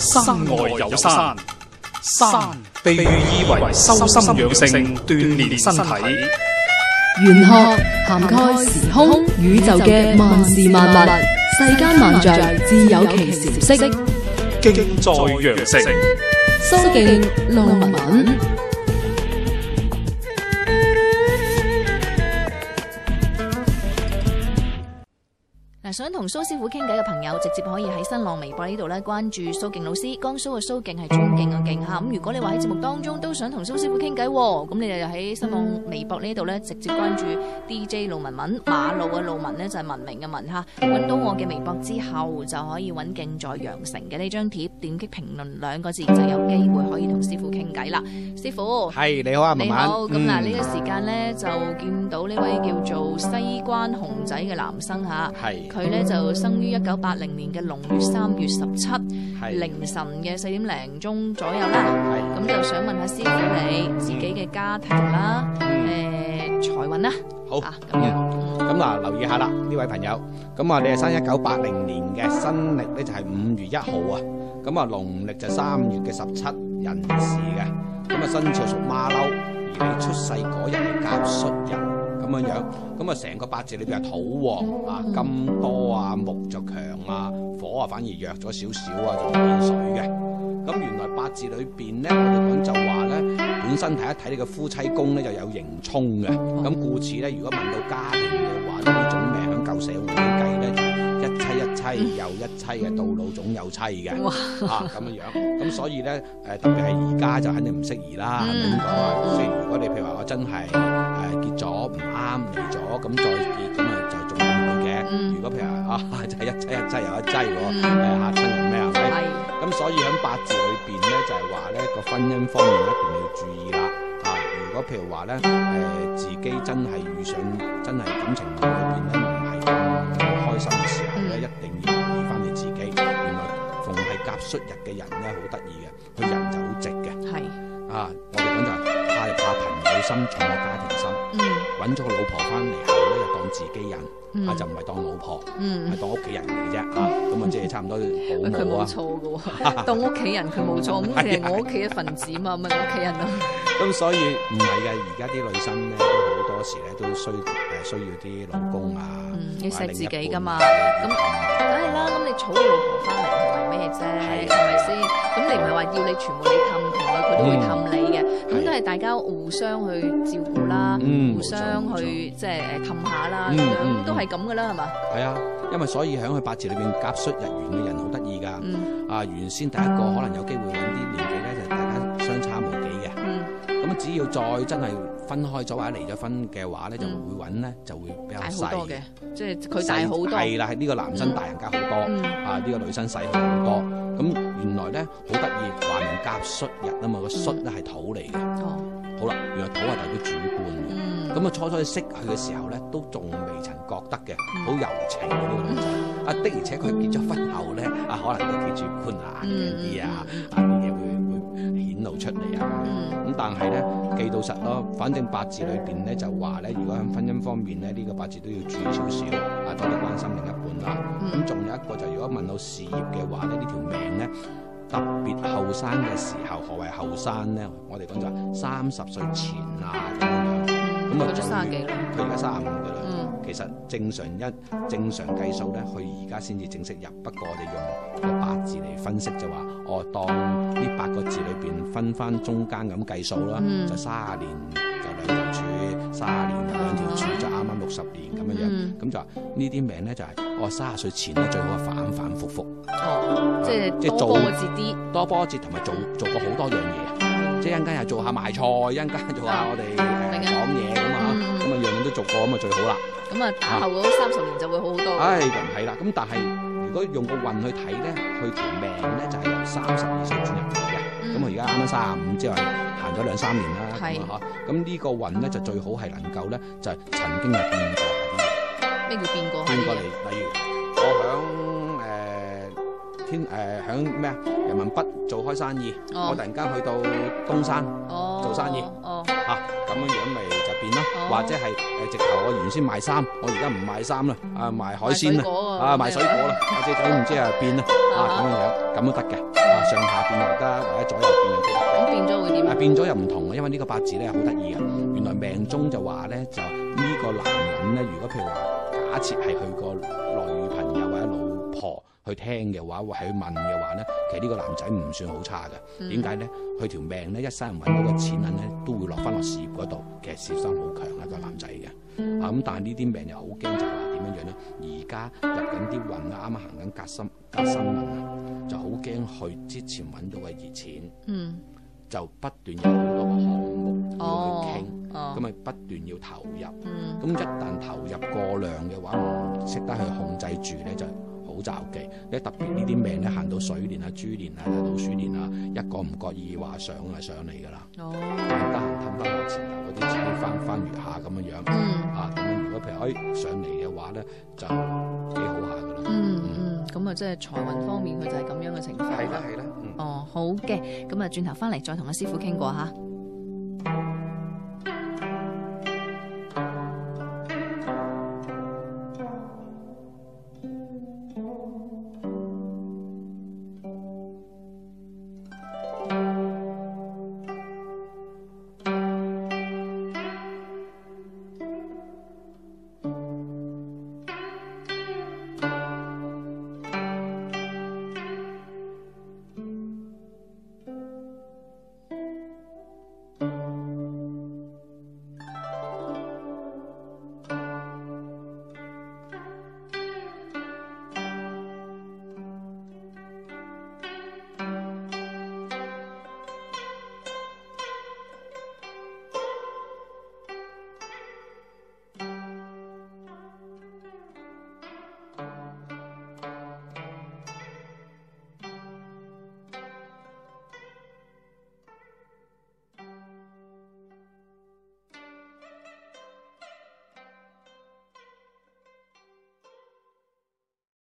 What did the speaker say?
山外有山，山被喻意為修心養性、鍛煉身體。玄學涵蓋時空宇宙嘅萬事萬物，世間萬象自有其時色。敬在羊城，蘇敬論文。想同蘇師傅傾偈嘅朋友，直接可以喺新浪微博呢度咧關注蘇敬老師，江蘇嘅蘇敬係尊敬嘅敬嚇。咁如果你話喺節目當中都想同蘇師傅傾偈，咁你哋就喺新浪微博呢度咧直接關注 DJ 路文文，馬路嘅路文呢，就係文明嘅文嚇。揾到我嘅微博之後，就可以揾敬在羊城嘅呢張貼，點擊評論兩個字就有機會可以同師傅傾偈啦。師傅，係你好啊，你好。咁嗱呢個時間咧就見到呢位叫做西關熊仔嘅男生嚇。係。佢咧就生於一九八零年嘅農曆三月十七，係凌晨嘅四點零鐘左右啦，係咁就想問下師傅你自己嘅家庭啦，誒，財運啦，好啊，咁樣，咁啊留意下啦呢位朋友，咁啊你係生一九八零年嘅，新歷咧就係五月一號啊，咁啊農曆就三月嘅十七人士嘅，咁啊生肖屬馬騮，而你出世嗰日係甲戌日。咁樣樣咁啊成個八字裏邊係土啊，金多啊，木就強啊，火啊反而弱咗少少啊，就會變水嘅。咁原來八字裏邊咧，我哋講就。本身睇一睇你嘅夫妻宮咧就有刑沖嘅，咁故此咧，如果問到家庭嘅話，呢種命喺舊社會點計咧，就一妻，一妻，一，妻一妻又一妻嘅到老總有妻嘅，吓咁樣樣，咁所以咧，誒特別係而家就肯定唔適宜啦，咁講啊？即如果你譬如話我真係誒結咗唔啱離咗，咁再結咁啊就仲有佢嘅，如果譬如啊就一妻一妻又一妻喎，誒下生係咩啊？咁所以響八字裏邊咧，就係話咧個婚姻方面一定要注意啦。啊，如果譬如話咧，誒、呃、自己真係遇上真係感情面裏邊咧唔係咁開心嘅時候咧，嗯、一定要留意翻你自己。原來逢係甲戌日嘅人咧，好得意嘅，佢人就好直嘅。係是啊，我哋講就係怕怕朋友心重過家庭心。嗯。揾咗個老婆翻嚟，後屘又當自己人，嗯、啊就唔係當老婆，係、嗯、當屋企人嚟嘅啫吓。啊啊咁即係差唔多，佢冇錯噶喎，當屋企人佢冇錯，我係我屋企嘅份子嘛，咪屋企人咯。咁所以唔係嘅，而家啲女生咧，好多時咧都需誒需要啲老公啊，要錫自己噶嘛。咁梗係啦，咁你娶個老婆翻嚟係為咩啫？係咪先？咁你唔係話要你全部你氹佢，佢都會氹你嘅。咁都係大家互相去照顧啦，互相去即係氹下啦，咁樣都係咁噶啦，係嘛？係啊。因為所以喺佢八字裏邊夾戌日元嘅人好得意噶啊，原先第一個可能有機會揾啲年紀咧就是、大家相差冇幾嘅，咁、嗯、只要再真係分開咗或者離咗婚嘅話咧、嗯、就會揾咧就會比較細嘅，即係佢大好多係啦，呢、這個男生大人家好多、嗯、啊呢、這個女生細好多咁原來咧好得意，話明夾戌日啊嘛個戌咧係土嚟嘅。嗯嗯哦好啦，原來土係代表主觀嘅，咁啊初初識佢嘅時候咧，都仲未曾覺得嘅，好柔情嗰個女仔。啊的，而且佢結咗婚後咧，啊可能都結住婚癌嗰啲啊，啊啲嘢會會顯露出嚟啊。咁但係咧，記到實咯，反正八字裏邊咧就話咧，如果喺婚姻方面咧，呢個八字都要注意少少，啊多啲關心另一半啦。咁仲有一個就係、如果問到事業嘅話咧，這個、呢條命咧。特別後生嘅時候，何謂後生咧？我哋講就係三十歲前啊咁樣。咁佢都卅幾啦。佢而家卅五嘅啦。嗯、其實正常一正常計數咧，佢而家先至正式入。不過我哋用個八字嚟分析就話，我當呢八個字裏邊分翻中間咁計數啦，嗯、就卅年。住卅年，兩條柱就啱啱六十年咁樣樣，咁就話呢啲命咧就係我話卅歲前咧最好反反复复，即係做波折啲，多波折同埋做做過好多樣嘢，即係一陣間又做下賣菜，一陣間做下我哋講嘢咁啊，咁啊樣樣都做過咁啊最好啦，咁啊打後嗰三十年就會好好多，係啦，咁但係如果用個運去睇咧，佢條命咧就係由三十二歲轉入嘅。咁我而家啱啱三十五之後行咗兩三年啦，咁是呢個運咧就最好係能夠咧就曾經係變，咩叫變過，變過嚟。的例如我響誒、呃、天誒響咩啊？人民北做開生意，哦、我突然間去到東山、哦、做生意，嚇、哦。哦啊咁樣樣咪就變咯，哦、或者係誒直頭我原先賣衫，我而家唔賣衫啦，啊賣海鮮啦，啊賣水果啦，啊、果 或者都唔知 Aha. 啊變啦，啊咁樣樣，咁都得嘅，上下變又得，或者左右變又得。咁變咗會點啊？變咗又唔同嘅，因為呢個八字咧好得意嘅， 原來命中就話咧就呢個男人咧，如果譬如話假設係佢個女朋友或者老婆。去聽嘅話，或係去問嘅話咧，其實呢個男仔唔算好差嘅。點解咧？佢條命咧，一生人揾到嘅錢銀咧，都會落翻落事業嗰度。其實事業心好強一個男仔嘅。啊咁、嗯嗯，但係呢啲命又好驚，就係話點樣樣咧？而家入緊啲運啦，啱啱行緊革新革新運，就好驚去之前揾到嘅熱錢，嗯、就不斷有好多個項目要去傾，咁咪不斷要投入。咁、嗯嗯、一旦投入過量嘅話，唔識得去控制住咧，就～好罩忌咧，特別呢啲命咧行到水年啊、豬年啊、老鼠年啊，一個唔覺意話上啊上嚟㗎啦。哦，得閒氹翻我前頭，嗰啲自己翻翻月下咁樣樣。嗯。啊，咁樣如果譬如哎上嚟嘅話咧，就幾好下㗎啦。嗯嗯，咁啊即係財運方面佢就係咁樣嘅情況。係啦係啦。嗯、哦，好嘅，咁啊轉頭翻嚟再同阿師傅傾過嚇。